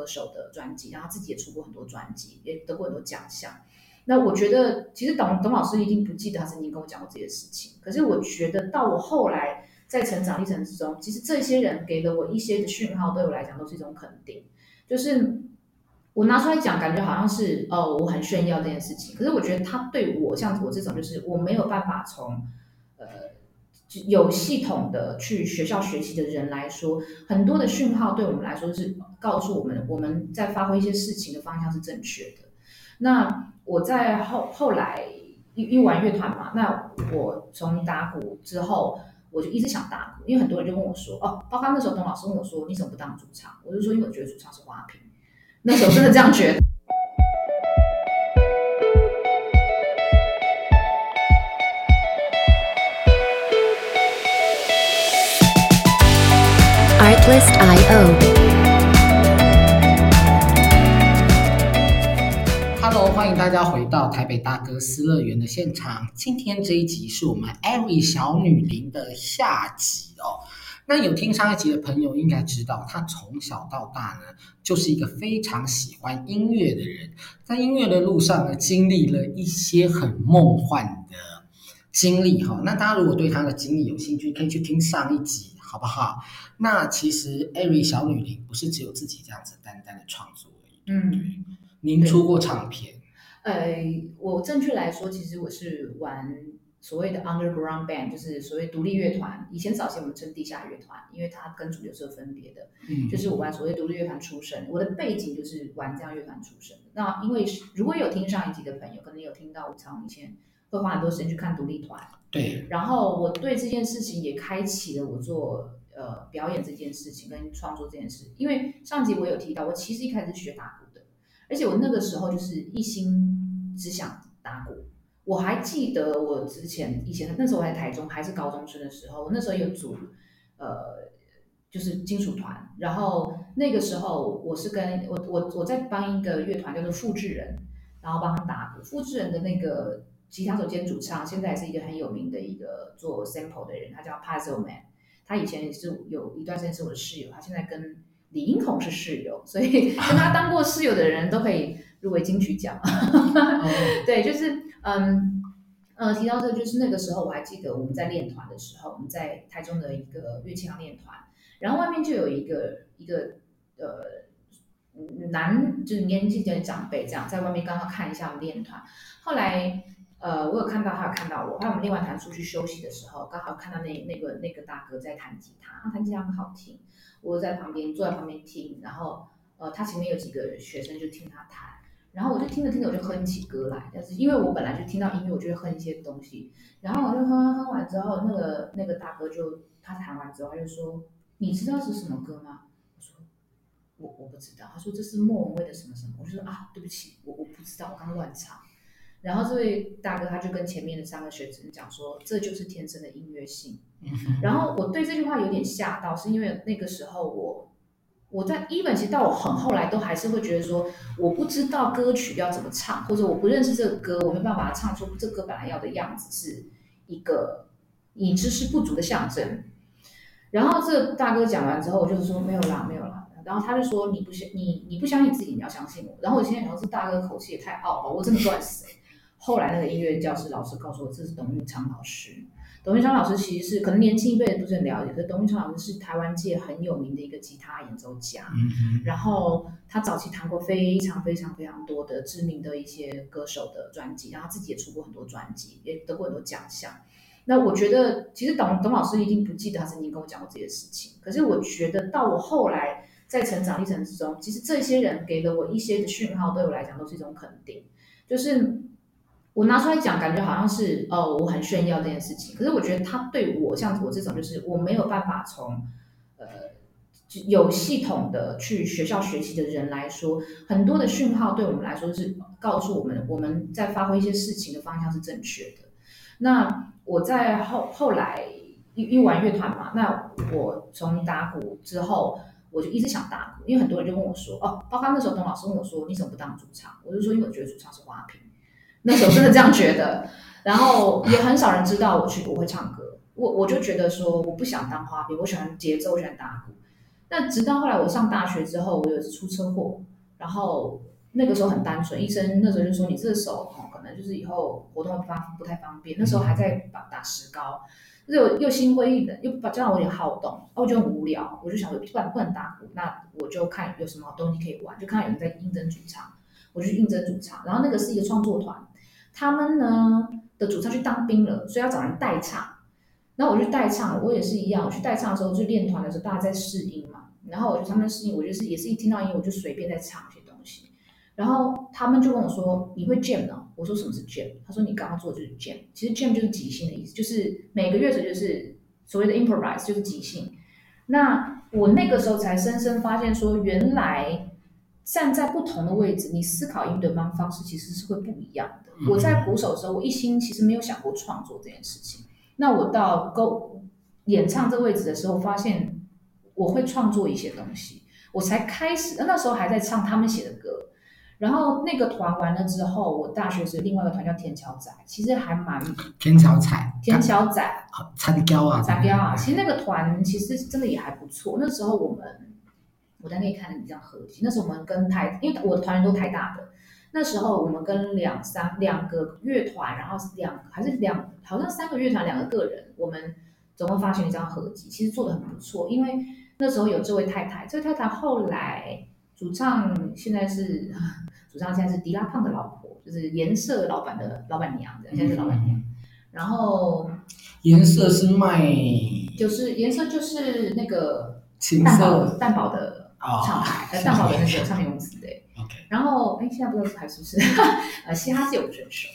歌手的專輯，然後他自己也出過很多專輯，也得過很多獎項。那我覺得，其實董董老師已經不記得他曾經跟我講過這些事情。可是我覺得，到我後來在成長歷程之中，其實這些人給了我一些的訊號，對我來講都是一種肯定。就是我拿出來講，感覺好像是哦，我很炫耀這件事情。可是我覺得，他對我像我這種，就是我沒有辦法從。有系統的去學校學習的人來說，很多的訊號對我們來說是告訴我們，我們在發揮一些事情的方向是正確的。那我在後後來一一玩樂團嘛，那我從打鼓之後，我就一直想打鼓，因為很多人就跟我說，哦，包括那時候董老師問我說，你怎麼不當主唱？我就說因為我覺得主唱是花瓶，那時候真的這樣覺得。 Hello，歡迎大家回到台北大哥私樂園的現場。今天這一集是我們艾瑞小女伶的下集哦。那有聽上一集的朋友應該知道，她從小到大呢，就是一個非常喜歡音樂的人，在音樂的路上呢，經歷了一些很夢幻的經歷哈、哦。那大家如果對她的經歷有興趣，可以去聽上一集。好不好？那其實艾瑞小女伶不是只有自己這樣子單單的創作而已。嗯對，您出過唱片？呃，我正確來說，其實我是玩所謂的 underground band，就是所謂獨立樂團。以前早期我們稱地下樂團，因為它跟主流是有分別的。嗯，就是我玩所謂獨立樂團出身，我的背景就是玩這樣樂團出身。那因為如果有聽上一集的朋友，可能有聽到我常以前會花很多時間去看獨立團。對，然後我對這件事情也開啟了我做呃表演這件事情跟創作這件事，因為上集我有提到，我其實一開始學打鼓的，而且我那個時候就是一心只想打鼓。我還記得我之前以前那時候我在台中還是高中生的時候，那時候有組呃就是金屬團，然後那個時候我是跟我我我在幫一個樂團叫做複制人，然後幫他打鼓，複制人的那個。吉他手兼主唱，現在是一個很有名的一個做 sample 的人，他叫 Puzzle Man。他以前也是有一段時間是我的室友，他現在跟李英宏是室友，所以跟他當過室友的人都可以入圍金曲獎。嗯、 對，就是嗯呃，提到的就是那個時候我還記得我們在練團的時候，我們在台中的一個樂器行練團，然後外面就有一個一個呃男，就是年紀的長輩這樣在外面剛好看一下我們練團，後來。呃，我有看到，他有看到我，那我們練完彈出去休息的時候，剛好看到那那個那個大哥在彈吉他，他彈吉他很好聽，我就在旁邊坐在旁邊聽，然後呃，他前面有幾個學生就聽他彈，然後我就聽着聽着我就哼起歌來，但是因為我本來就聽到音樂，我就哼一些東西，然後我就哼哼完之後，那個那個大哥就他彈完之後他就說：“你知道是什麼歌嗎？”我說：“我我不知道。”他說：“這是莫文蔚的什麼什麼。”我就說：“啊，對不起，我我不知道，我剛亂唱。”然後這位大哥他就跟前面的三個學生講說，這就是天生的音樂性。然後我對這句話有點嚇到，是因為那個時候我我在一本，其實到我很後來都還是會覺得說，我不知道歌曲要怎麼唱，或者我不認識這個歌，我沒辦法把它唱出這個歌本來要的樣子，是一個你知識不足的象徵。然後這大哥講完之後我就是說沒有啦，沒有啦。然後他就說你不相你你不相信自己，你要相信我。然後我現在想得這大哥口氣也太傲了，我真的醉死後來那個音樂教室老師告訴我，這是董運昌老師。董運昌老師其實是可能年輕一輩人不是很了解，可是董運昌老師是台灣界很有名的一個吉他演奏家。嗯、哼然後他早期彈過非常非常非常多的知名的一些歌手的專輯，然後他自己也出過很多專輯，也得過很多獎項。那我覺得，其實董董老師已經不記得他曾經跟我講過這些事情。可是我覺得，到我後來在成長歷程之中，其實這些人給了我一些的訊號，對我來講都是一種肯定，就是。我拿出來講，感覺好像是哦，我很炫耀這件事情。可是我覺得他對我，像我這種，就是我沒有辦法從呃有系統的去學校學習的人來說，很多的訊號對我們來說是告訴我們，我們在發揮一些事情的方向是正確的。那我在後後來一,一玩樂團嘛，那我從打鼓之後，我就一直想打鼓，因為很多人就跟我說，哦，包括那時候董老師問我說，你怎麼不當主唱？我就說，因為我覺得主唱是花瓶。 那時候真的這樣覺得，然後也很少人知道我去我會唱歌，我我就覺得說我不想當花瓶，我喜歡節奏，我喜歡打鼓。那直到後來我上大學之後，我有一次出車禍，然後那個時候很單純，醫生那時候就說你這手哦，可能就是以後活動方不，不太方便。那時候還在打石膏，又又心灰意冷，又把這樣我有好動，然、啊、後我就很無聊，我就想說不然不能打鼓，那我就看有什麼東西可以玩，就看有人在應徵主唱，我就去應徵主唱，然後那個是一個創作團。他們呢的主唱去當兵了，所以要找人代唱。那我去代唱，我也是一樣。我去代唱的時候，去練團的時候，大家在試音嘛。然後我就他們試音，我就是也是一聽到音，我就隨便在唱一些東西。然後他們就跟我說：“你會 jam 嗎？”我說：“什麼是 jam？” 他說：“你剛剛做的就是 jam。”其實 jam 就是即興的意思，就是每個樂手就是所謂的 improvise，就是即興。那我那個時候才深深發現說，原來。站在不同的位置，你思考應對方方式其實是會不一樣的。嗯、哼我在鼓手的時候，我一心其實沒有想過創作這件事情。那我到勾演唱這位置的時候，發現我會創作一些東西。我才開始、呃，那時候還在唱他們寫的歌。然後那個團完了之後，我大學時另外一個團叫田橋仔，其實還蠻田橋仔、田橋仔、雜交啊、雜交啊。其實那個團其實真的也還不錯。那時候我們。我在那裡看了一張合集，那時候我們跟台，因為我的團員都台大的，那時候我們跟兩三兩個樂團，然後兩還是兩，好像三個樂團，兩個個人，我們總共發行一張合集，其實做的很不錯，因為那時候有這位太太，這位太太後來主唱，現在是主唱，現在是迪拉胖的老婆，就是顏色老闆的老闆娘，現在是老闆娘。嗯、然後顏色是賣、嗯，就是顏色就是那個蛋堡少的。廠牌，上海的那個唱片公司對。OK，然後哎，現在不知道還是不是， 呃，嘻哈系也不是很熟。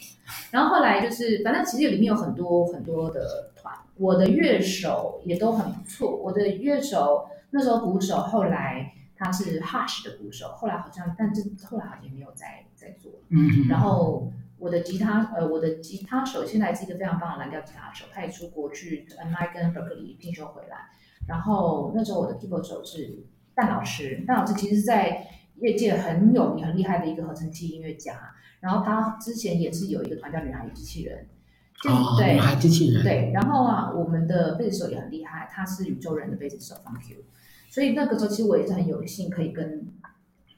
然後後來就是，反正其實裡面有很多很多的團，我的樂手也都很不錯。我的樂手那時候鼓手，後來他是 Hush 的鼓手，後來好像，但是後來好像也沒有再再做。嗯、mm hmm. 然後我的吉他，呃，我的吉他手現在是一個非常棒的藍調吉他手，他也出國去，嗯，Mike 跟 Berkeley 進修回來。然後那時候我的鍵盤手是。范老師，范老師其實在業界很有名，很厲害的一個合成器音樂家。然後他之前也是有一個團叫女孩與機器人。對，女孩機器人。對，然後啊，我們的貝斯手也很厲害，他是宇宙人的貝斯手，Thank you。嗯。所以那個時候其實我也是很有幸可以跟，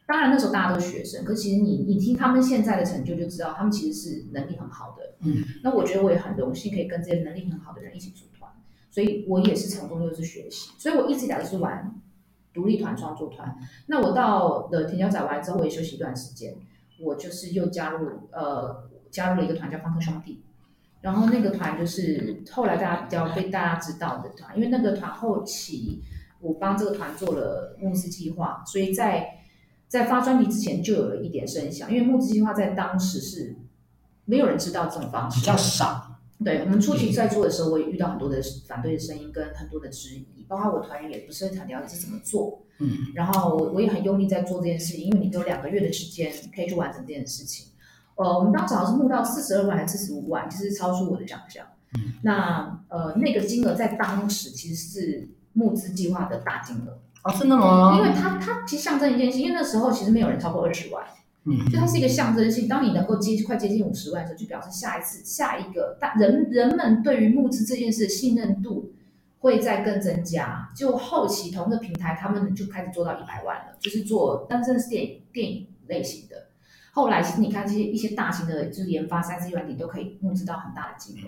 當然那時候大家都學生，可是其實你你聽他們現在的成就就知道，他們其實是能力很好的。嗯。那我覺得我也很榮幸可以跟這些能力很好的人一起組團，所以我也是成功就是學習，所以我一直以來都是玩獨立團創作團，那我到了田角仔完之後，我也休息一段時間。我就是又加入呃加入了一個團叫方特兄弟，然後那個團就是後來大家比較被大家知道的團，因為那個團後期我幫這個團做了募資計劃，所以在在發專輯之前就有了一點聲響，因為募資計劃在當時是沒有人知道這種方式，比較少。對我們初期在做的時候，我也遇到很多的反對的聲音跟很多的質疑，包括我團員也不是很強調是怎麼做。嗯，然後我也很用力在做這件事情，因為你只有兩個月的時間可以去完成這件事情。呃，我們當時好像是募到四十二萬還是四十五萬，其實是超出我的想象。嗯，那呃那個金額在當時其實是募資計劃的大金額。哦，是那嗎？因為它它其實象徵一件事，因為那時候其實沒有人超過二十萬。就，嗯，它是一個象徵性，當你能夠接快接近五十萬的時候，就表示下一次下一個大人人們對於募資這件事的信任度會再更增加。就後期同一個平台，他們就開始做到一百萬了，就是做，但真的是電影電影類型的。後來其實你看這些一些大型的，就是研發三 C 軟體都可以募資到很大的金額。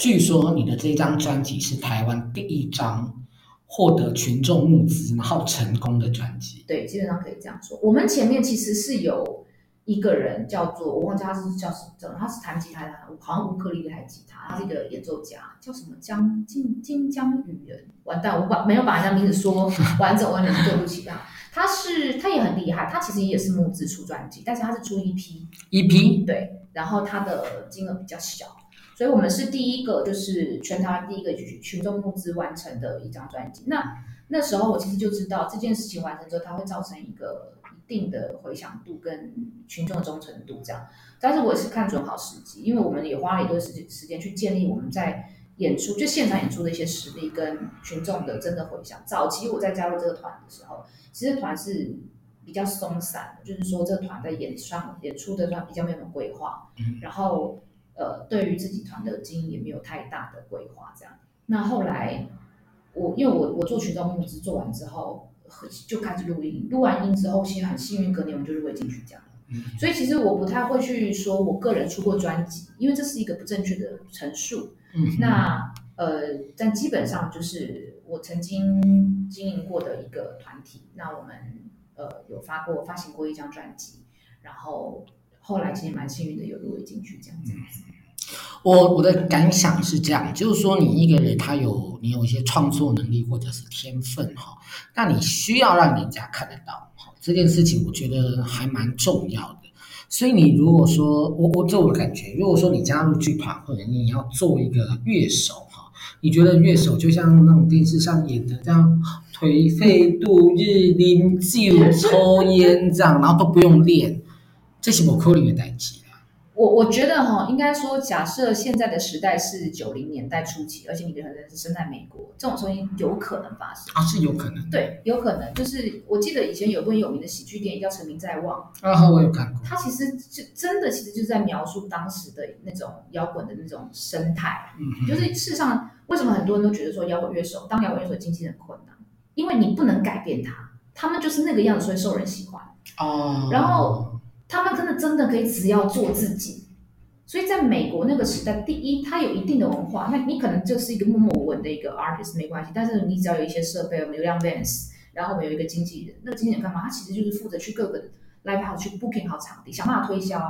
據說你的這張專輯是台灣第一張。獲得群眾募資，然後成功的專輯，對，基本上可以這樣說。我們前面其實是有一個人叫做，我忘記他是叫什麼，他是彈吉他的，好像烏克麗麗還是吉他，他是一個演奏家叫什麼江金金江雨人，完蛋，我把沒有把人家名字說完整，我也是對不起他、啊。 他是他也很厲害，他其實也是募資出專輯，但是他是出 EP EP P?，對，然後他的金額比較小。所以我們是第一個，就是全台第一個群群眾募資完成的一張專輯。那那時候我其實就知道這件事情完成之後，它會造成一個一定的回響度跟群眾的忠誠度這樣。但是我也是看準好時機，因為我們也花了一段時間時間去建立我們在演出就現場演出的一些實力跟群眾的真的回響。早期我在加入這個團的時候，其實團是比較鬆散的，就是說這團在演上演出的團比較沒有規劃，然後。呃，對於自己團的經營也沒有太大的規劃，這樣。那後來我，我因為我我做群眾募資做完之後，就開始錄音，錄完音之後，其實很幸運，隔年我們就入圍金曲獎了。嗯、哼所以其實我不太會去說我個人出過專輯，因為這是一個不正確的陳述。嗯、哼那呃，但基本上就是我曾經經營過的一個團體，那我們呃有發過發行過一張專輯，然後。後來其實蠻幸運的，有入圍進去這樣子，嗯。我我的感想是這樣，就是說你一個人他有你有一些創作能力或者是天分哈，那你需要讓人家看得到哈，這件事情我覺得還蠻重要的。所以你如果說我我我的感覺，如果說你加入劇團或者你要做一個樂手哈，你覺得樂手就像那種電視上演的這樣頹廢度日、飲酒、抽煙這樣，然後都不用練。為什麼扣你也單機啊？我我覺得哈，應該說，假設現在的時代是九零年代初期，而且你的孩子是生在美國，這種事情有可能發生啊，是有可能，對，有可能。就是我記得以前有一部有名的喜劇電影叫《成名在望》，啊，我有看過。它其實就真的，其實就是在描述當時的那種搖滾的那種生態。嗯哼，就是事實上，為什麼很多人都覺得說搖滾樂手當搖滾樂手的經紀很困難？因為你不能改變他，他們就是那個樣子，所以受人喜歡哦。然後。他們真的真的可以只要做自己，所以在美國那個時代，第一，他有一定的文化。那你可能就是一個默默無聞的一個 artist，沒關係。但是你只要有一些設備、流量、fans，然後我們有一個經紀人。那經紀人幹嘛？他其實就是負責去各個 live house 去 booking 好場地，想辦法推銷。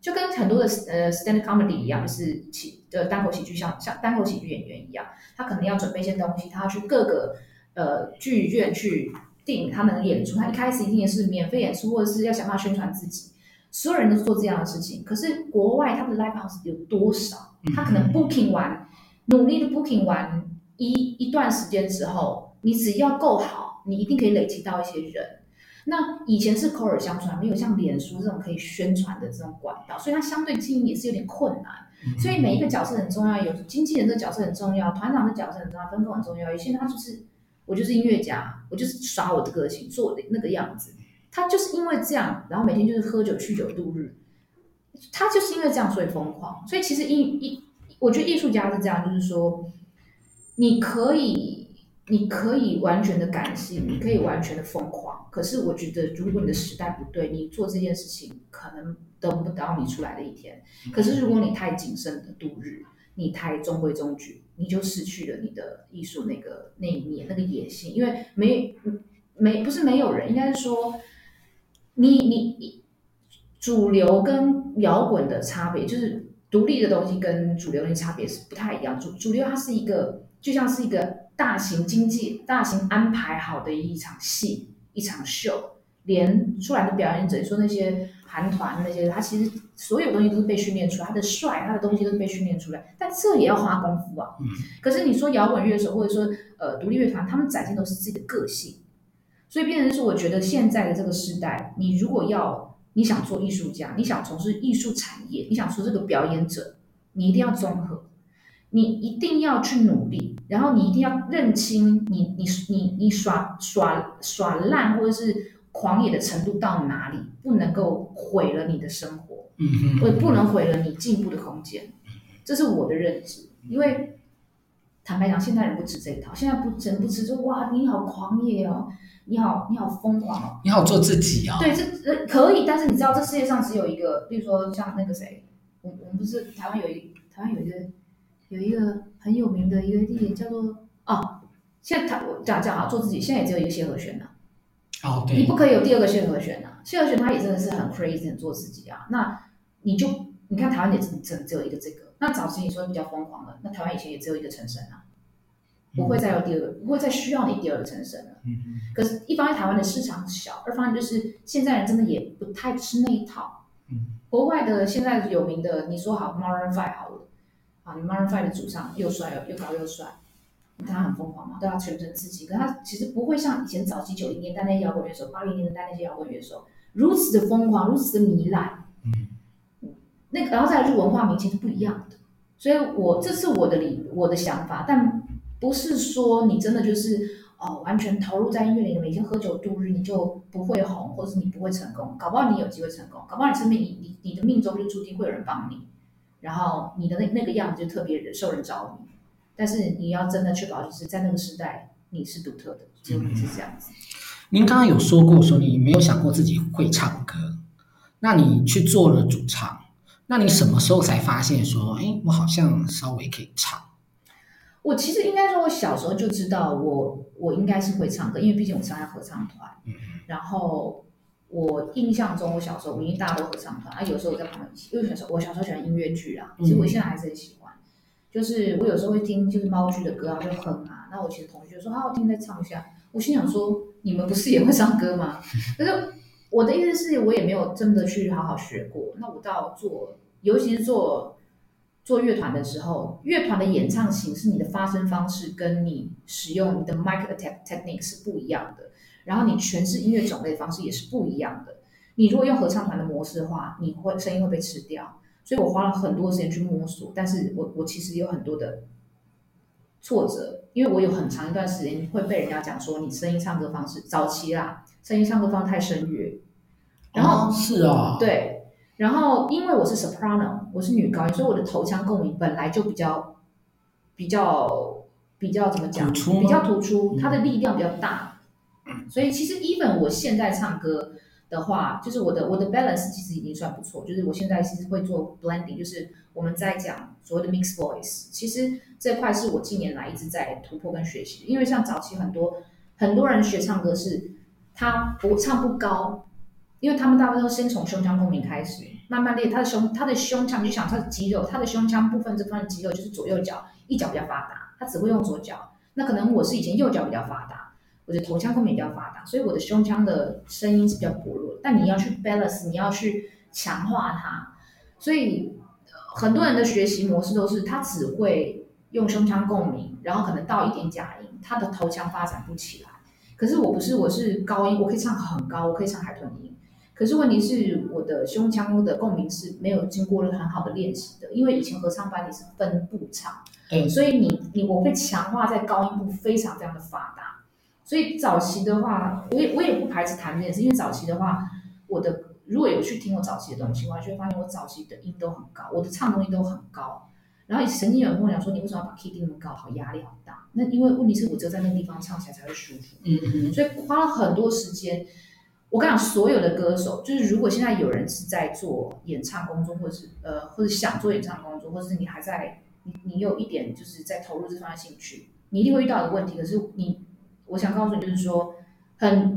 就跟很多的 stand comedy 一樣，是就是喜單口喜劇，像像單口喜劇演員一樣，他可能要準備一些東西，他要去各個呃劇院去定他們的演出。他一開始一定也是免費演出，或者是要想辦法宣傳自己。所有人都做這樣的事情，可是國外他的 live house 有多少？他可能 booking 完，mm hmm. 努力的 booking 完一一段時間之後，你只要夠好，你一定可以累積到一些人。那以前是口耳相傳，沒有像臉書這種可以宣傳的這種管道，所以它相對經營也是有點困難。Mm hmm. 所以每一個角色很重要，有經紀人的角色很重要，團長的角色很重要，分工很重要。有些人他就是我就是音樂家，我就是耍我的個性，做我的那個樣子。他就是因為這樣，然後每天就是喝酒酗酒度日。他就是因為這樣，所以瘋狂。所以其實藝藝，我覺得藝術家是這樣，就是說，你可以，你可以完全的感性，你可以完全的瘋狂。可是我覺得，如果你的時代不對，你做這件事情，可能等不到你出來的一天。可是如果你太謹慎的度日，你太中規中矩，你就失去了你的藝術那個那一面那個野性。因為沒沒不是沒有人，應該是說。你你主流跟搖滾的差別，就是獨立的東西跟主流的差別是不太一樣。主主流它是一個，就像是一個大型經濟、大型安排好的一場戲、一場秀，連出來的表演者，你說那些韓團那些，他其實所有東西都是被訓練出來，他的帥、他的東西都是被訓練出來，但這也要花功夫啊。嗯。可是你說搖滾樂手，或者說呃獨立樂團，他們展現都是自己的個性。所以變成是，我覺得現在的這個時代，你如果要你想做藝術家，你想從事藝術產業，你想做這個表演者，你一定要綜合，你一定要去努力，然後你一定要認清你你你你耍耍耍爛或者是狂野的程度到哪裡，不能夠毀了你的生活，嗯，或者不能毀了你進步的空間，這是我的認知，因為。坦白講，現代人不吃這一套。現在不，真不吃。就哇，你好狂野哦，你好，你好瘋狂哦，你好做自己啊、哦。對，這可以，但是你知道，這世界上只有一個。比如說，像那個誰，我我們不是台灣有一台灣有一個有一個，有一個很有名的一個藝人，叫做啊、哦。現在他講講啊，做自己，現在也只有一個謝和弦了。哦，對。你不可以有第二個謝和弦的、啊。謝和弦他也真的是很 crazy，很做自己啊。那你就。你看台灣也只有只，只有一個這個，那早期你說比較瘋狂了。那台灣以前也只有一個陳昇啊，不會再有第二，不會再需要你第二陳昇了。嗯、哼可是，一方面台灣的市場小，二方面就是現在人真的也不太吃那一套。嗯、哼國外的現在有名的，你說好 Maroon Five 好了，啊 Maroon Five 的祖上又帥又又高又帥，他很瘋狂嘛，對他全身刺激。可他其實不會像以前早期九零年代那些搖滾樂手，八零年代那些搖滾樂手如此的瘋狂，如此的糜爛。那個、然後再來，文化明星是不一樣的，所以我這是我的理我的想法，但不是說你真的就是哦完全投入在音樂裡，每天喝酒度日，你就不會紅，或者是你不會成功，搞不好你有機會成功，搞不好你身邊你你你的命中就注定會有人幫你，然後你的那那個樣子就特別受人找你，但是你要真的確保就是在那個時代你是獨特的，只有你是這樣子、嗯。您剛剛有說過說你沒有想過自己會唱歌，那你去做了主唱，那你什麼時候才發現說，哎，我好像稍微可以唱？我其實應該說，我小時候就知道我我應該是會唱歌，因為畢竟我參加合唱團。嗯。然後我印象中，我小時候我因為大家都合唱團啊，有時候我在旁邊一起。因為小時候我小時候喜歡音樂劇啊，其實我現在還是很喜歡。嗯。就是我有時候會聽就是貓劇的歌啊，然後就哼啊。那我其實同學就說好好、啊、聽，再唱一下。我心想說，你們不是也會唱歌嗎？可是。 我的意思是，我也沒有真的去好好學過。那我到做，尤其是做做樂團的時候，樂團的演唱形式、你的發聲方式跟你使用你的麥克技術、technique 是不一樣的。然後你詮釋音樂種類的方式也是不一樣的。你如果用合唱團的模式的話，你會聲音會被吃掉。所以我花了很多時間去摸索，但是我我其實有很多的。挫折，因為我有很長一段時間會被人家講說你聲音唱歌方式早期啦，聲音唱歌方太聲樂，然後、啊、是哦、啊，對，然後因為我是 soprano，我是女高音，所以我的頭腔共鳴本來就比較比較比較怎麼講比較突出，它的力量比較大，嗯、所以其實 even 我現在唱歌。的話，就是我的我的 balance 其實已經算不錯。就是我現在其實會做 blending，就是我們在講所謂的 mixed voice，其實這塊是我近年來一直在突破跟學習。因為像早期很多很多人學唱歌是，他不唱不高，因為他們大部分都先從胸腔共鳴開始，慢慢練他的胸他的胸腔，你就想他的肌肉，他的胸腔部分這部分肌肉就是左右腳，一腳比較發達，他只會用左腳。那可能我是以前右腳比較發達。我的頭腔共鳴比較發達，所以我的胸腔的聲音是比較薄弱。但你要去 balance，你要去強化它，所以很多人的學習模式都是他只會用胸腔共鳴，然後可能到一點假音，他的頭腔發展不起來。可是我不是，我是高音，我可以唱很高，我可以唱海豚音。可是問題是，我的胸腔的共鳴是沒有經過了很好的練習的，因為以前合唱班你是分部唱，對、哎，所以你你我會強化在高音部非常非常的發達。所以早期的話，我也我也不排斥談戀愛，因為早期的話，我的如果有去聽我早期的東西，我就會發現我早期的音都很高，我的唱東西都很高。然後曾經有人跟我講說：“你為什麼要把 k d y 那麼高？好壓力好大。”那因為問題是我只有在那個地方唱起來才會舒服。嗯嗯哼。所以花了很多時間，我跟你講，所有的歌手，就是如果現在有人是在做演唱工作，或者是呃，或者想做演唱工作，或者是你還在你你有一點就是在投入這方面興趣，你一定會遇到一個問題，可是你。我想告訴你，就是說，很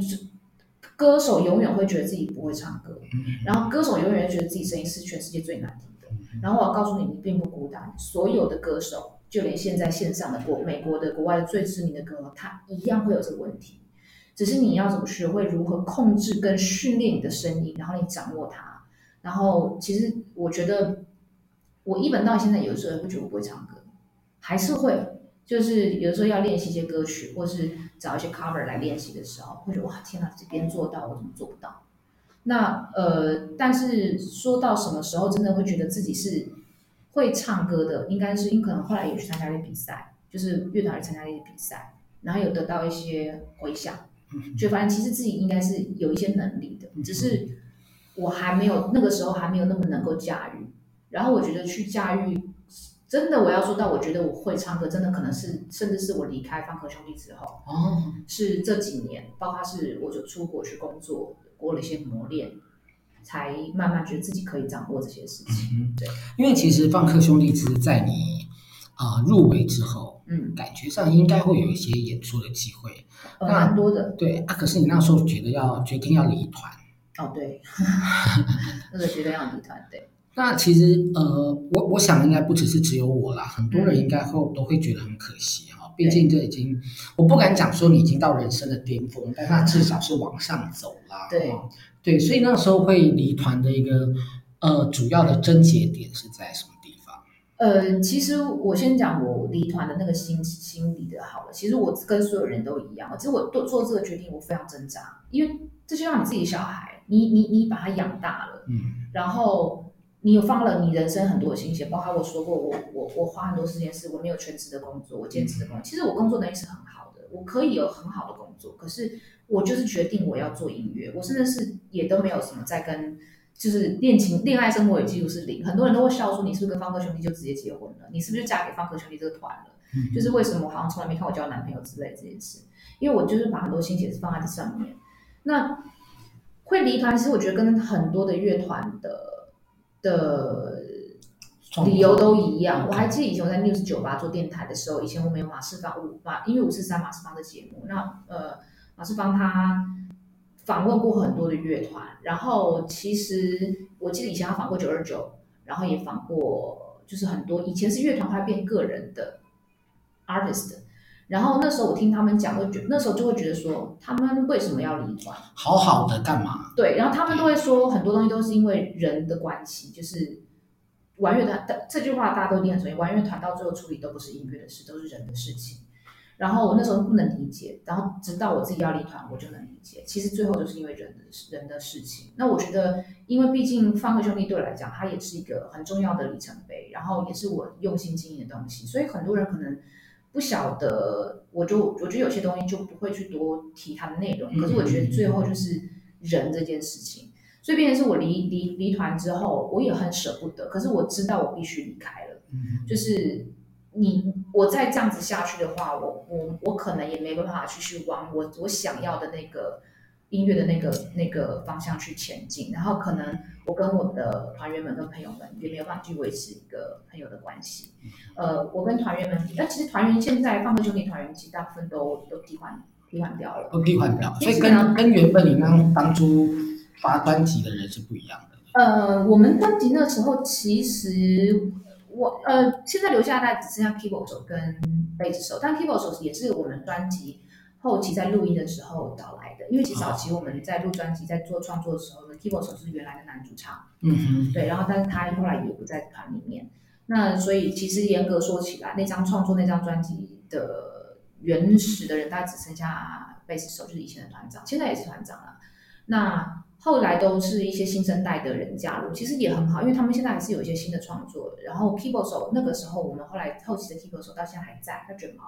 歌手永遠會覺得自己不會唱歌，然後歌手永遠會覺得自己聲音是全世界最難聽的。然後我要告訴你，你並不孤單。所有的歌手，就連現在線上的國美國的國外的最知名的歌手，他一樣會有這個問題。只是你要怎麼學會如何控制跟訓練你的聲音，然後你掌握它。然後其實我覺得，我一本到現在，有的時候會覺得我不會唱歌，還是會，就是有的時候要練習一些歌曲，或是。找一些 cover 來練習的時候，會覺得哇，天哪，這邊做到，我怎麼做不到？那呃，但是說到什麼時候，真的會覺得自己是會唱歌的，應該是因可能後來有去參加一些比賽，就是樂團去參加一些比賽，然後有得到一些回響，就反正其實自己應該是有一些能力的，只是我還沒有，那個時候還沒有那麼能夠駕馭。然後我覺得去駕馭。真的，我要說到，我覺得我會唱歌，真的可能是甚至是我離開放客兄弟之後，哦，是這幾年，包括是我就出國去工作，過了一些磨練，才慢慢覺得自己可以掌握這些事情，嗯。對，因為其實放客兄弟只是在你啊、呃、入圍之後，嗯，感覺上應該會有一些演出的機會，蠻、嗯、那多的。對啊，可是你那時候覺得要決定要離團，哦，對， 那個決定要離團，對。那其實，呃，我我想應該不只是只有我啦，很多人應該後都會覺得很可惜哈、哦。畢竟這已經，對我不敢講說你已經到人生的巔峰，但他至少是往上走啦。嗯啊、對對，所以那時候會離團的一個，呃，主要的症結點是在什麼地方？呃，其實我先講我離團的那個心心理的好了。其實我跟所有人都一樣，其實我做做這個決定，我非常掙扎，因為這就像你自己小孩，你你你把他養大了，嗯，然後。你有放了你人生很多的心血，包括我說過，我我我花很多時間是我沒有全職的工作，我兼職的工作，其實我工作能力是很好的，我可以有很好的工作，可是我就是決定我要做音樂，我甚至是也都沒有什麼在跟就是戀情、戀愛生活也幾乎是零，很多人都會笑說你是不是跟方哥兄弟就直接結婚了，你是不是就嫁給方哥兄弟這個團了？就是為什麼我好像從來沒看我交男朋友之類的這件事，因為我就是把很多心血是放在這上面，那會離團，其實我覺得跟很多的樂團的。的理由都一樣，我還記得以前我在 news 酒吧做電台的時候，以前我們有馬世芳五馬，因為五四三馬世芳的節目，那呃馬世芳他訪問過很多的樂團，然後其實我記得以前他訪過九二九，然後也訪過就是很多以前是樂團，後來變個人的 artist 的。然後那時候我聽他們講，我覺那時候就會覺得說，他們為什麼要離團？好好的幹嘛？對，然後他們都會說很多東西都是因為人的關係，就是，玩樂團這句話大家都一定很熟悉，玩樂團到最後處理都不是音樂的事，都是人的事情。然後我那時候不能理解，然後直到我自己要離團，我就能理解，其實最後就是因為人的人的事情。那我覺得，因為畢竟方塊兄弟對我來講，它也是一個很重要的里程碑，然後也是我用心經營的東西，所以很多人可能。不曉得，我就我覺得有些東西就不會去多提它的內容，可是我覺得最後就是人這件事情，嗯嗯、所以變成是我離離離團之後，我也很捨不得，可是我知道我必須離開了，嗯、就是你我再這樣子下去的話，我我我可能也沒辦法繼續往我我想要的那個。音樂的那個那個方向去前進，然後可能我跟我的團員們、跟朋友們也沒有辦法去維持一個朋友的關係。呃，我跟團員們，但其實團員現在放克兄弟團員，其實大部分都都替換替換掉了，都替換掉了。所以跟跟原本你剛當，對當初發專輯的人是不一樣的。呃，我們專輯那時候其實我呃，現在留下來只剩下 keyboard 手跟 bass 手，但 keyboard 手也是我們專輯。後期在錄音的時候找來的，因為其實早期我們在錄專輯、在做創作的時候呢，keyboard 手是原來的男主唱，嗯哼、mm，hmm. 對，然後但是他後來也不在團裡面，那所以其實嚴格說起來，那張創作那張專輯的原始的人，大概只剩下貝斯手就是以前的團長，現在也是團長了，那。後來都是一些新生代的人加入，其實也很好，因為他們現在還是有一些新的創作。然後 keyboard 手那個時候，我們後來後期的 keyboard 手到現在還在，他卷毛，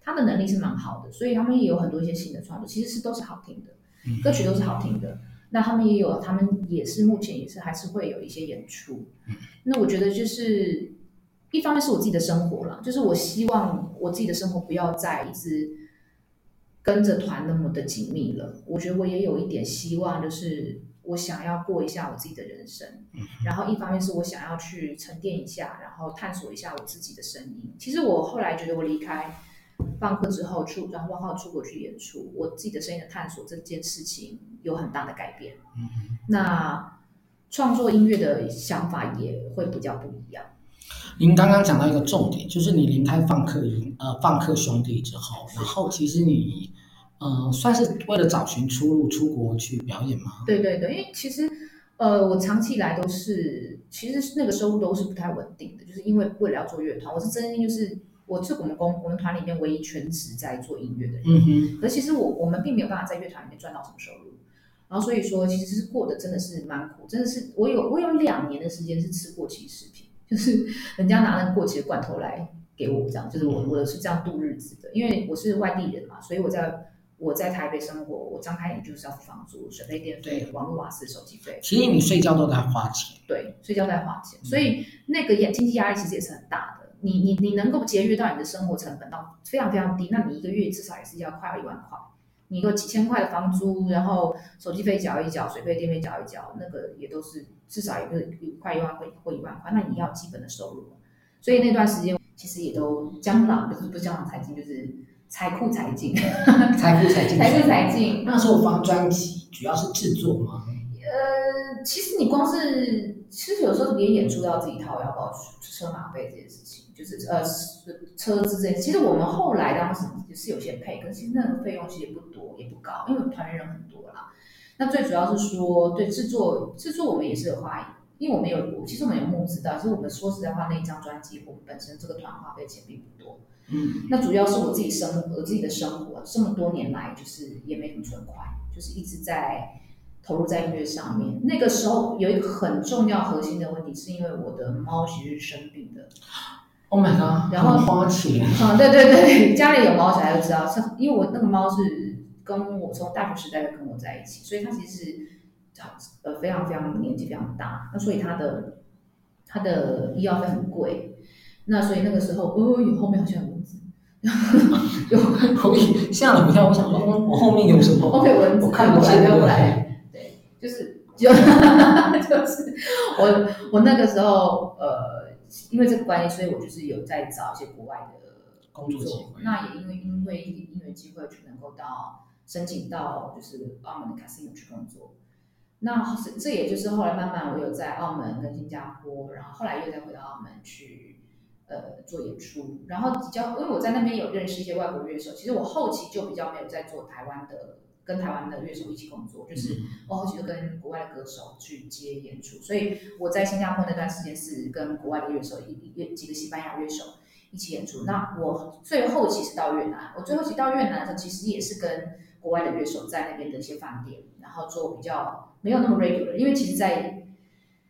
他的能力是蠻好的，所以他們也有很多一些新的創作，其實是都是好聽的，嗯、哼哼歌曲都是好聽的。那他們也有，他們也是目前也是還是會有一些演出。那我覺得就是一方面是我自己的生活了，就是我希望我自己的生活不要再一直。跟着團那麼的緊密了，我覺得我也有一點希望，就是我想要過一下我自己的人生。嗯、哼然後一方面是我想要去沉澱一下，然後探索一下我自己的聲音。其實我後來覺得我離開放客之後出，然後往後出國去演出，我自己的聲音的探索這件事情有很大的改變。嗯、哼那創作音樂的想法也會比較不一樣。您剛剛講到一個重點，就是你離開放客營呃放客兄弟之後，的然後其實你。嗯，算是為了找尋出路，出國去表演嘛。對對對，因為其實，呃，我長期以來都是，其實那個收入都是不太穩定的，就是因為為了要做樂團，我是真心就是我是我們公我們團裡面唯一全職在做音樂的人，嗯哼。而其實我我們並沒有辦法在樂團裡面賺到什麼收入，然後所以說其實是過得真的是蠻苦，真的是我有我有兩年的時間是吃過期食品，就是人家拿那個過期的罐頭來給我、嗯、這樣，就是我我是這樣度日子的，因為我是外地人嘛，所以我在。我在台北生活，我張開眼就是要付房租、水費、電費、網絡、瓦斯、手機費。對其實你睡覺都在花錢。對，睡覺都在花錢，嗯、所以那個壓經濟壓力其實也是很大的。你你你能夠節約到你的生活成本到非常非常低，那你一個月至少也是要快一萬塊。你有幾千塊的房租，然後手機費繳一繳，水費電費繳一繳，那個也都是至少也就是快一萬塊或一萬塊。那你要基本的收入，所以那段時間其實也都江郎，嗯、不是將財就是不江郎才盡，就是。財庫財進，財庫財進，財庫財進。財財經，那時候發專輯主要是制作嗎？呃、嗯，其實你光是，其實有時候連演出都要自己掏腰包，車馬費這件事情，就是呃車子這些。其實我們後來當時也是有些配，可是那個費用其實也不多也不高，因為團員人很多啦。那最主要是說對制作，制作我們也是有語因為我們有，其實我們有募資的，其實我們說實在話，那一張專輯，我們本身這個團花費錢並不多。嗯，那主要是我自己生我、嗯、自己的生活，這麼多年來就是也沒什麼存款，就是一直在投入在音樂上面。那個時候有一個很重要核心的問題，是因為我的貓其實是生病的。Oh my god！、嗯、然後貓錢啊、嗯，對對對，家裡有貓小孩就知道，是因為我那個貓是跟我從大學時代就跟我在一起，所以它其實。呃，非常非常年紀非常大，那所以他的他的醫藥費很貴，那所以那個時候，哦、哎，後面好像有蚊子， 後面嚇了我一跳，我想我後面有什麼，後面、okay, 我看 Okay, 不起來，對，就是就 就是我我那個時候呃，因為這個關係，所以我就是有在找一些國外的工作，工作那也因為因為因為機會就能夠到申請到就是澳門的卡西姆去工作。那這也就是後來慢慢我有在澳門跟新加坡，然後後來又再回到澳門去呃做演出，然後比較因為我在那邊有認識一些外國樂手，其實我後期就比較沒有在做台灣的跟台灣的樂手一起工作，就是我後期就跟國外的歌手去接演出，所以我在新加坡那段時間是跟國外的樂手一一個幾個西班牙樂手一起演出。嗯、那我最後期是到越南，我最後期到越南的其實也是跟國外的樂手在那邊的一些飯店，然後做比較。沒有那麼 regular，因為其實在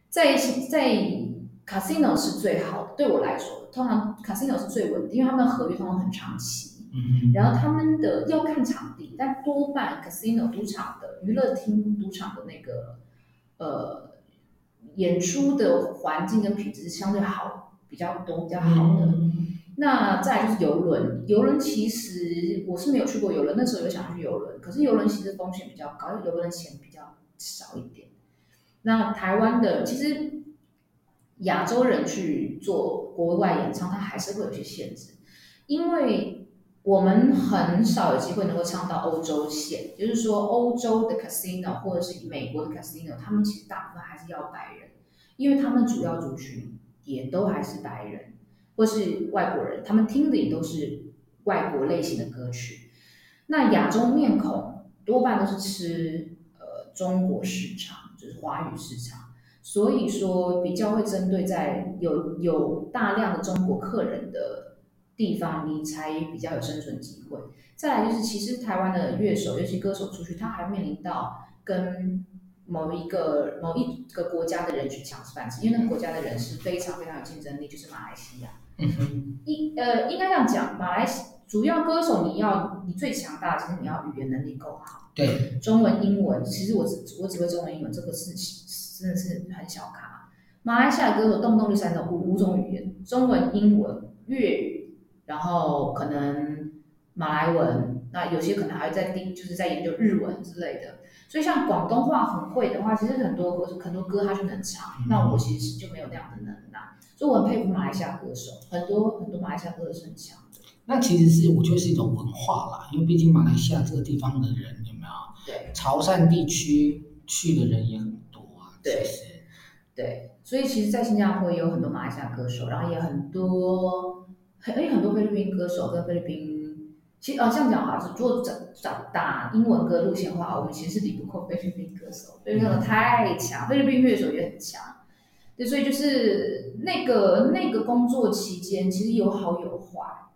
在在 casino 是最好的，對我來說，通常 casino 是最穩定，因為他們合約通常很長期。嗯，然後他們的要看場地，但多半 casino 賭場的娛樂廳賭場的那個呃演出的環境跟品質是相對好比較多比較好的。嗯、那再來就是遊輪，遊輪其實我是沒有去過遊輪，那時候有想去遊輪，可是遊輪其實風險比較高，遊輪的錢比較高。少一點，那台灣的其實亞洲人去做國外演唱，他還是會有些限制，因為我們很少有機會能夠唱到歐洲線，就是說歐洲的 casino 或者是美國的 casino，他們其實大部分還是要白人，因為他們主要族群也都還是白人或是外國人，他們聽的也都是外國類型的歌曲，那亞洲面孔多半都是吃。中國市場，就是華語市場，所以說比較會針對在有有大量的中國客人的地方，你才比較有生存機會。再來就是，其實台灣的樂手，尤其歌手出去，他還會面臨到跟某一個某一個國家的人去搶飯吃，因為那個國家的人是非常非常有競爭力，就是馬來西亞。嗯哼。應呃應該這樣講，馬來。主要歌手你要你最強大的，就是你要語言能力夠好。對，中文、英文，其實我只我只會中文、英文，這個是真的是很小咖。馬來西亞歌手動不動就三種五五種語言，中文、英文、粵語，然後可能馬來文，那有些可能還會在聽，就是在研究日文之類的。所以像廣東話很會的話，其實很多歌手很多歌他就能唱。那我其實就沒有那樣的能耐啊，所以我很佩服馬來西亞歌手，很多很多馬來西亞歌手是很強。那其實是我覺得是一種文化啦，因為畢竟馬來西亞這個地方的人有沒有？對，潮汕地區去的人也很多啊。對，其實，對，所以其實，在新加坡也有很多馬來西亞歌手，然後也很多很，有、欸、很多菲律賓歌手。跟菲律賓，其實哦，這、啊、樣講只做長長大英文歌路線的話，我們其實是抵不過菲律賓歌手，菲律賓太強，菲律賓樂手也很強。對，所以就是那個那個工作期間，其實有好有壞。嗯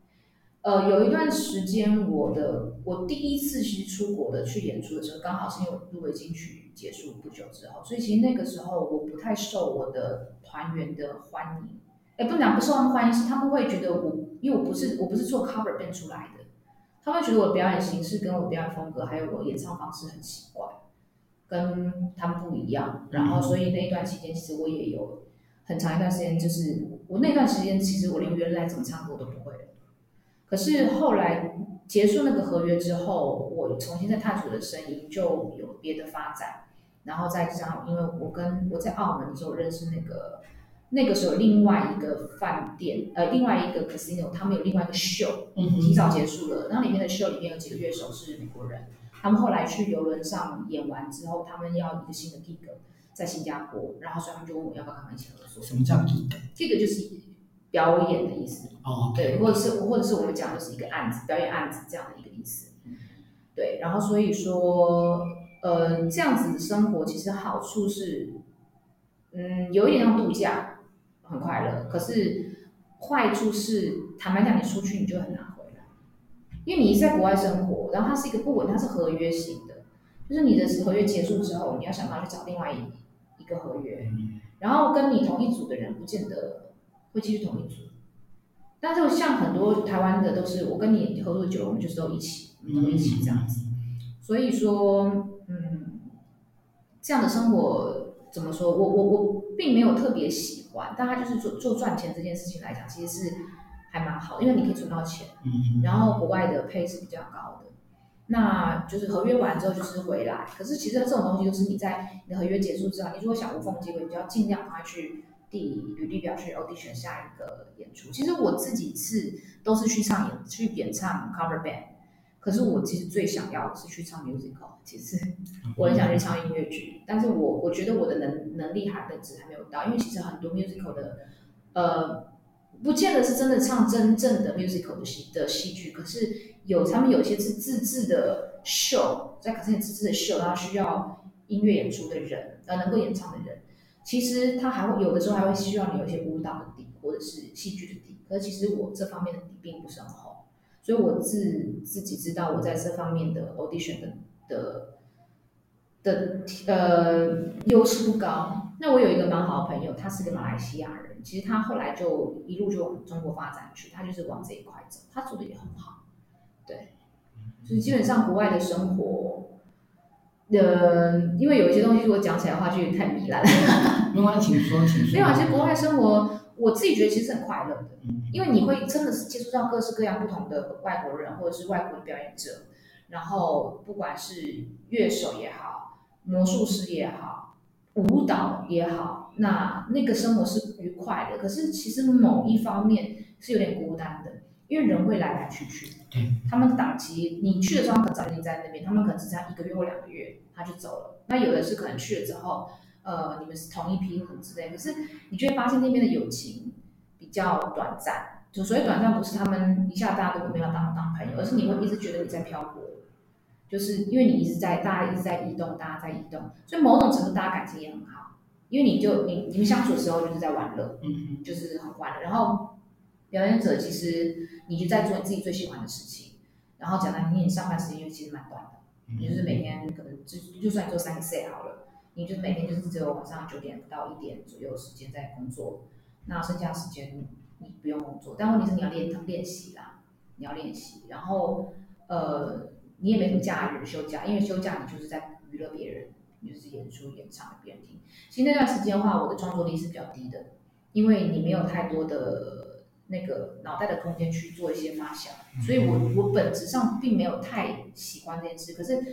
呃，有一段時間，我的我第一次其實出國的去演出的時候，剛好是因為入圍金曲結束不久之後，所以其實那個時候我不太受我的團員的歡迎。哎，不能不受他們歡迎，是他們會覺得我因為我不是我不是做 cover band 出來的，他們會覺得我的表演形式、跟我表演風格還有我演唱方式很奇怪，跟他們不一樣。然後，所以那一段期間，其實我也有很長一段時間，就是我那段時間，其實我連原來怎麼唱歌都不。可是後來結束那個合約之後，我重新再探索的聲音就有別的發展。然後再加上，因為我跟我在澳門的時候認識那個，那個時候另外一個飯店，呃，另外一個 casino，他們有另外一個 show 提早結束了。嗯嗯，然後裡面的 show 裡面有幾個樂手是美國人，他們後來去遊輪上演完之後，他們要一個新的 gig 在新加坡，然後所以他們就問我要不要跟他們一起合作。什麼叫 gig？嗯，這個就是。表演的意思，Okay. 對，或者是或者是我們講的是一個案子，表演案子這樣的一個意思，對。然後所以說，呃，這樣子的生活其實好處是，嗯，有一點像度假，很快樂。可是壞處是，坦白講，你出去你就很難回來，因為你一直在國外生活，然後它是一個不穩，它是合約型的，就是你的合約結束之後，你要想辦法去找另外一一個合約，然後跟你同一組的人不見得會繼續同一組，但就像很多台灣的都是我跟你合作久了，我們就是都一起，嗯、都一起這樣子。嗯、所以說，嗯，這樣的生活怎麼說？我我我並沒有特別喜歡，但它就是做做賺錢這件事情來講，其實是還蠻好，因為你可以存到錢，嗯嗯然後國外的 pay 是比較高的，那就是合約完之後就是回來。可是其實這種東西就是你在你的合約結束之後，你如果想無縫接軌，你就要盡量它去。第履歷表去 audition 下一個演出，其實我自己是都是去唱演去演唱 cover band，可是我其實最想要的是去唱 musical，其實我很想去唱音樂劇，但是我我覺得我的能能力還的值還沒有到，因為其實很多 musical 的呃不見得是真的唱真正的 musical 的戲的戲劇，可是有他們有些是自制的 show，在可是自制的 show 然後需要音樂演出的人，呃能夠演唱的人。其實他還會有的時候還會希望你有一些舞蹈的底或者是戲劇的底，可是其實我這方面的底並不是很厚，所以我自自己知道我在這方面的 audition 的的的呃優勢不高。那我有一個蠻好的朋友，他是個馬來西亞人，其實他後來就一路就往中國發展去，他就是往這一塊走，他做得也很好，對，嗯、哼所以基本上國外的生活。呃、嗯，因為有一些東西如果講起來的話，就太糜爛了。沒有啊，請說，請說。沒有，其實國外生活，我自己覺得其實很快樂的，嗯、因為你會真的是接觸到各式各樣不同的外國人，或者是外國的表演者，然後不管是樂手也好，魔術師也好，舞蹈也好，那那個生活是愉快的。可是其實某一方面是有點孤單的，因為人會來來去去。嗯、他們的檔期，你去的時候很早已經在那邊，他們可能只差一個月或兩個月他就走了。那有的是可能去了之後，呃，你們是同一批人之類，可是你就會發現那邊的友情比較短暫。就所謂短暫，不是他們一下大家都沒有當當朋友，而是你會一直覺得你在漂泊，就是因為你一直在，大家一直在移動，大家在移動，所以某種程度大家感情也很好，因為你就你你們相處的時候就是在玩樂，嗯哼就是很玩樂，然後。表演者其實，你就在做你自己最喜歡的事情。然後講到你上班時間又其實蠻短的，你就是每天可能就就算你做三個四也好了，你就是每天就是只有晚上九點到一點左右時間在工作，那剩下的時間你不用工作。但問題是你要練練習啦，你要練習。然後呃，你也沒什麼假日休假，因為休假你就是在娛樂別人，你就是演出演唱給別人聽。其實那段時間的話，我的創作力是比較低的，因為你沒有太多的。那個腦袋的空間去做一些發想，所以我我本質上並沒有太喜歡這件事。可是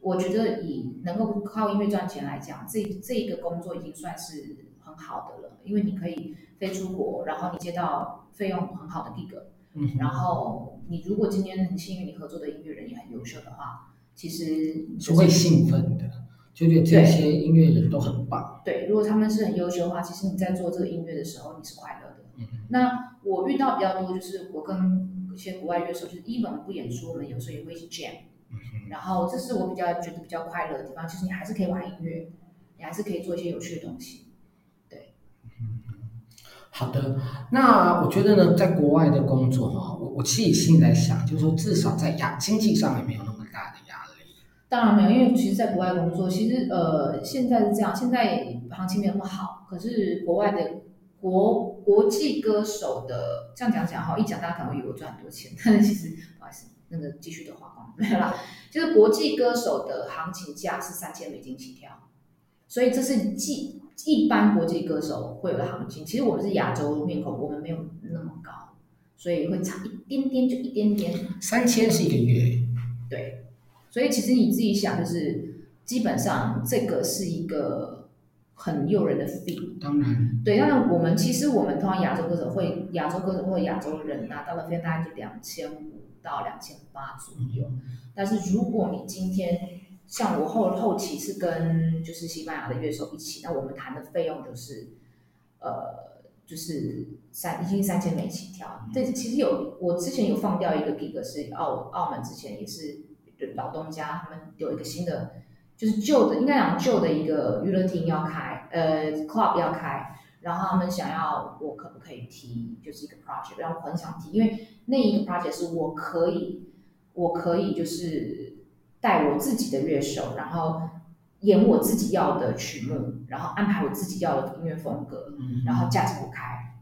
我覺得以能夠靠音樂賺錢來講，這這一個工作已經算是很好的了，因為你可以飛出國，然後你接到費用很好的 gig 嗯，哼，然後你如果今天很幸運，你合作的音樂人也很優秀的話，其實、就是會興奮的，就覺、是、得這些音樂人都很棒。對。對，如果他們是很優秀的話，其實你在做這個音樂的時候你是快樂。那我遇到比較多就是我跟一些國外樂手，就是英文不演出，我們有時候也會一起 jam。然後這是我比較覺得比較快樂的地方，就是你還是可以玩音樂，你還是可以做一些有趣的東西，對。好的，那我覺得呢，在國外的工作哈，我我自己心裡在想，就是說至少在亞經濟上面沒有那麼大的壓力。當然沒有，因為其實，在國外工作，其實呃現在是這樣，現在行情沒有那麼好，可是國外的。國國際歌手的這樣講講哈，一講大家可能以為我賺很多錢，但是其實不好意思，那個積蓄都花光沒有啦， 就是國際歌手的行情價是三千美金起跳，所以這是基一般國際歌手會有的行情。其實我們是亞洲面孔，我們沒有那麼高，所以會差一點點，就一點點。 三千是一個月？對，所以其實你自己想，就是基本上這個是一個。很誘人的費，當然，對，那我們其實我們通常亞洲歌手會，亞洲歌手或亞洲人拿到的費用大概就兩千五到兩千八左右，嗯、但是如果你今天像我後後期是跟就是西班牙的樂手一起，那我們談的費用就是，呃，就是三，已經三千美金一條，這其實有我之前有放掉一個 gig 是澳澳門之前也是對老東家他們有一個新的。就是舊的，應該講舊的一個娛樂廳要開，呃，club 要開，然後他們想要我可不可以提，就是一個 project，讓、嗯、我很想提，因為那一個 project 是我可以，我可以就是帶我自己的樂手，然後演我自己要的曲目，嗯、然後安排我自己要的音樂風格，嗯、然後架子鼓開。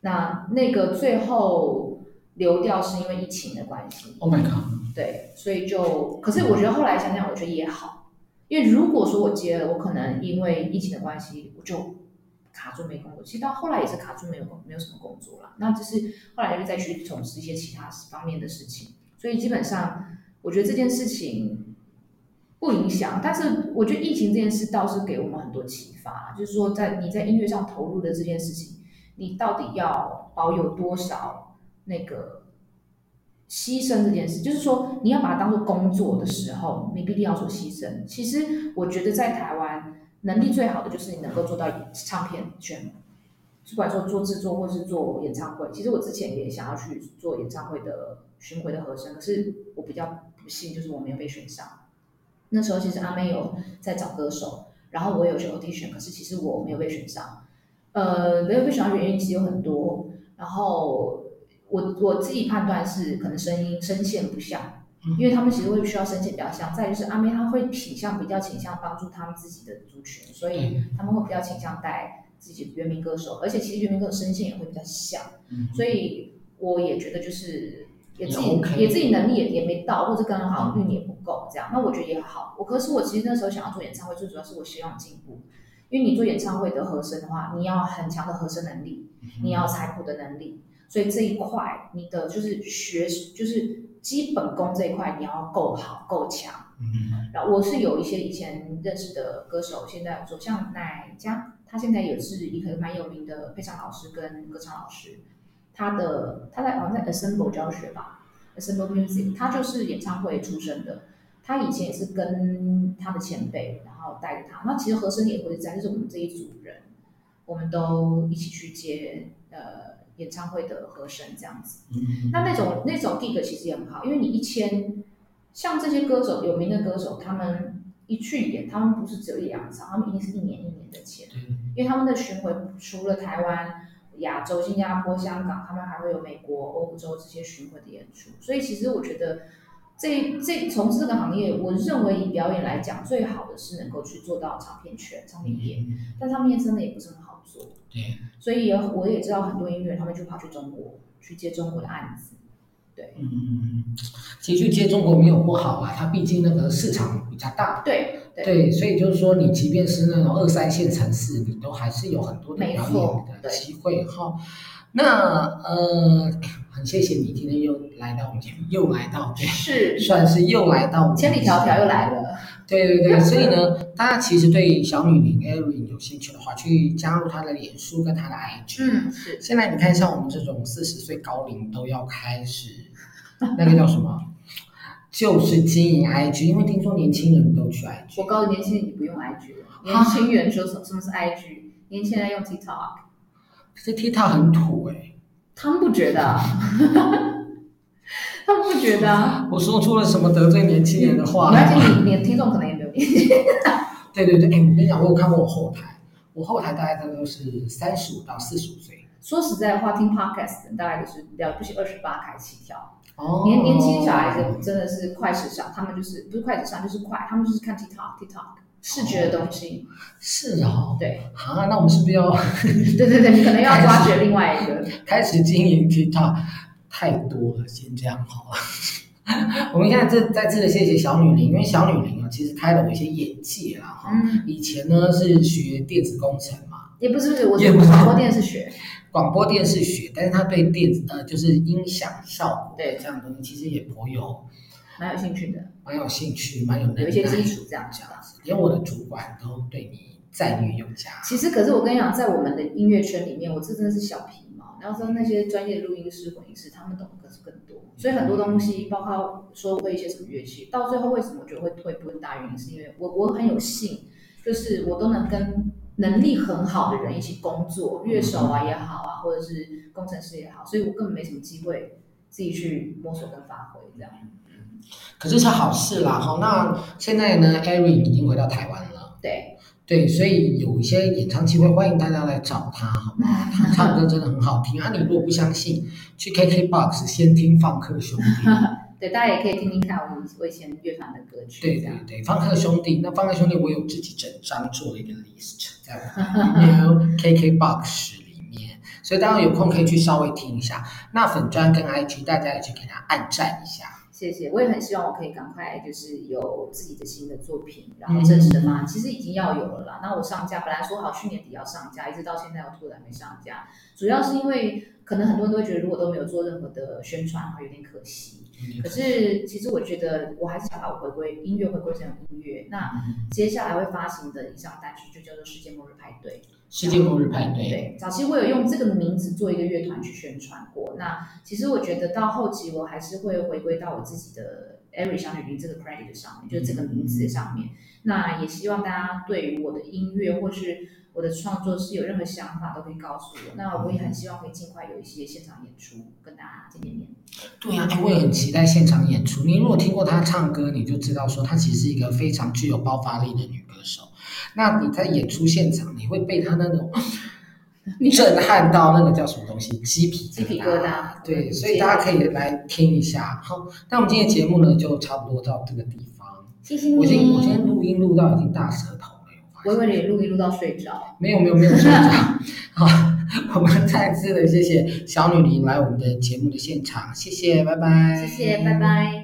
那那個最後流掉是因為疫情的關係。Oh my god！對，所以就，可是我覺得後來想想，我覺得也好。因為如果說我接了，我可能因為疫情的關係，我就卡住沒工作。其實到後來也是卡住，沒有沒有什麼工作了。那就是後來又再去從事一些其他方面的事情。所以基本上，我覺得這件事情不影響。但是我覺得疫情這件事倒是給我們很多啟發，就是說在你在音樂上投入的這件事情，你到底要保有多少那個。犧牲這件事，就是說你要把它當做工作的時候，你必定要做犧牲。其實我覺得在台灣能力最好的就是你能夠做到唱片圈，不管做製作或是做演唱會。其實我之前也想要去做演唱會的巡迴的和聲，可是我比較不幸，就是我沒有被選上。那時候其實阿妹有在找歌手，然後我有去 audition，可是其實我沒有被選上。呃，沒有被選上原因其實有很多，然後。我我自己判斷是可能聲音聲線不像，因為他們其實會需要聲線比較像。再就是阿妹，她會傾向比較傾向幫助他們自己的族群，所以他們會比較傾向帶自己的原民歌手，而且其實原民歌手聲線也會比較像。所以我也覺得就是也自己也，OK 也自己能力也也沒到，或者剛剛好像運也不夠這樣。那我覺得也好，我可是我其實那時候想要做演唱會，最主要是我希望進步，因為你做演唱會的和聲的話，你要很強的和聲能力，你要採譜的能力。所以這一塊，你的就是學，就是基本功這一塊，你要夠好，夠強。嗯、mm，hmm. 然後我是有一些以前認識的歌手，現在走向奶家，他現在也是一個蠻有名的配唱老師跟歌唱老師。他的他在好像在 Assemble 教學吧，Assemble Music，他就是演唱會出身的。他以前也是跟他的前輩，然後帶着他。那其實和聲也會在，就是我們這一組人，我們都一起去接呃。演唱會的和聲這樣子，嗯嗯嗯，那那種那種 gig 其實也很好，因為你一簽，像這些歌手、有名的歌手，他們一去演，他們不是只有一兩場，他們一定是一年一年的簽，嗯嗯嗯，因為他們的巡迴除了台灣、亞洲、新加坡、香港，他們還會有美國、歐洲，這些巡迴的演出。所以其實我覺得，這這從事這個行業，我認為以表演來講，最好的是能夠去做到唱片圈、唱片業，嗯嗯，但唱片真的也不是很。對，所以也我也知道很多音樂人，他們就跑去中國去接中國的案子，對，嗯，其實去接中國沒有不好啊，它畢竟那個市場比較大，對對，對，所以就是說你即便是那種二三線城市，對你都還是有很多的表演的機會哈、哦。那呃，很謝謝你今天又來到我們節目，又來到，對，是算是又來到千里迢迢又來了。嗯對對對，嗯、所以呢，嗯、大家其實對小女伶 ARIY、嗯、有興趣的話，去加入她的臉書跟她的 IG。嗯，是。現在你看，像我們這種四十歲高齡都要開始，那個叫什麼？ 就是經營 IG， 因為聽說年輕人都去 IG。我告訴年輕人，你不用 IG 了。啊、年輕人說什什麼是 IG？年輕人用 TikTok、啊。這 TikTok 很土哎、欸。他們不覺得、啊。 不覺得啊！我說出了什麼得罪年輕人的話？而且你，你，你聽眾可能也沒有年輕 對對對，哎，我跟你講，我有看過我後台，我後台大概都是三十五到四十五歲。說實在的話，聽 podcast 大概就是兩，就是二十八開始起跳。哦。年年輕小孩子真的是快時尚，他們就是不是快時尚，就是快，他們就是看 TikTok，TikTok 視覺的東西。哦、是啊、哦。對啊，那我們是不是要？ 對對對，你可能要抓掘另外一個，開始經營 TikTok。太多了，先這樣好了。 我們現在這在這裡謝謝小女伶，因為小女伶呢，其實開了我一些眼界啊。嗯。以前呢是學電子工程嘛。也不是，不是我廣播電視學。廣播，播電視學，但是他對電子呃，就是音響、效果對這樣的東西，其實也頗有蠻有興趣的。蠻有興趣，蠻有有一些基礎，這樣這樣子。連我的主管都對你讚譽有加。其實，可是我跟你講，在我們的音樂圈裡面，我這真的是小皮。然後說那些專業錄音師、混音師，他們懂的可是更多，所以很多東西，包括說會一些什麼樂器，到最後為什麼我覺得會退步，很大原因是因為我我很有幸，就是我都能跟能力很好的人一起工作，樂手啊也好啊，嗯、或者是工程師也好，所以我根本沒什麼機會自己去摸索跟發揮這樣。可是是好事啦好，嗯、那現在呢，嗯、艾瑞已經回到台灣了。對。對，所以有一些演唱機會，歡迎大家來找他，好嗎？他唱歌真的很好聽。那、 啊、你如果不相信，去 KK Box 先聽放克兄弟。 對，大家也可以聽一下我我以前樂團的歌曲。對對對，放克兄弟，那放克兄弟我有自己整張做了一個 list 在 KK Box 裡面，所以大家有空可以去稍微聽一下。那粉專跟 IG 大家也去給他按讚一下。謝謝，我也很希望我可以趕快就是有自己的新的作品，然後正式的嘛，嗯、其實已經要有了啦。那我上架本來說好去年底要上架，一直到現在我突然沒上架，主要是因為可能很多人都會覺得如果都沒有做任何的宣傳的話，有點可惜。嗯、可是其實我覺得我還是想把我回歸音樂回歸成音樂。那接下來會發行的一張單曲就叫做《世界末日派對》。世界末日派對，對，早期我有用這個名字做一個樂團去宣傳過。那其實我覺得到後期我還是會回歸到我自己的 ARIY 小女伶這個 credit 上面，嗯、就這個名字上面。那也希望大家對於我的音樂或是我的創作是有任何想法，都可以告訴我。那我也很希望可以盡快有一些現場演出跟大家見見面。嗯、對啊，我會很期待現場演出。你如果聽過她唱歌，你就知道說她其實是一個非常具有爆發力的女歌手。那你在演出現場，你會被他那種震撼到，那個叫什麼東西？雞皮雞皮疙瘩。疙瘩，對，謝謝，所以大家可以來聽一下。好，那我們今天的節目呢，就差不多到這個地方。謝謝你。我今我今天錄音錄到已經大舌頭了有，我以為你錄音錄到睡着。沒有沒有沒有睡着。 好，我們再次的謝謝小女伶來我們的節目的現場，謝謝，拜拜。謝謝，拜拜。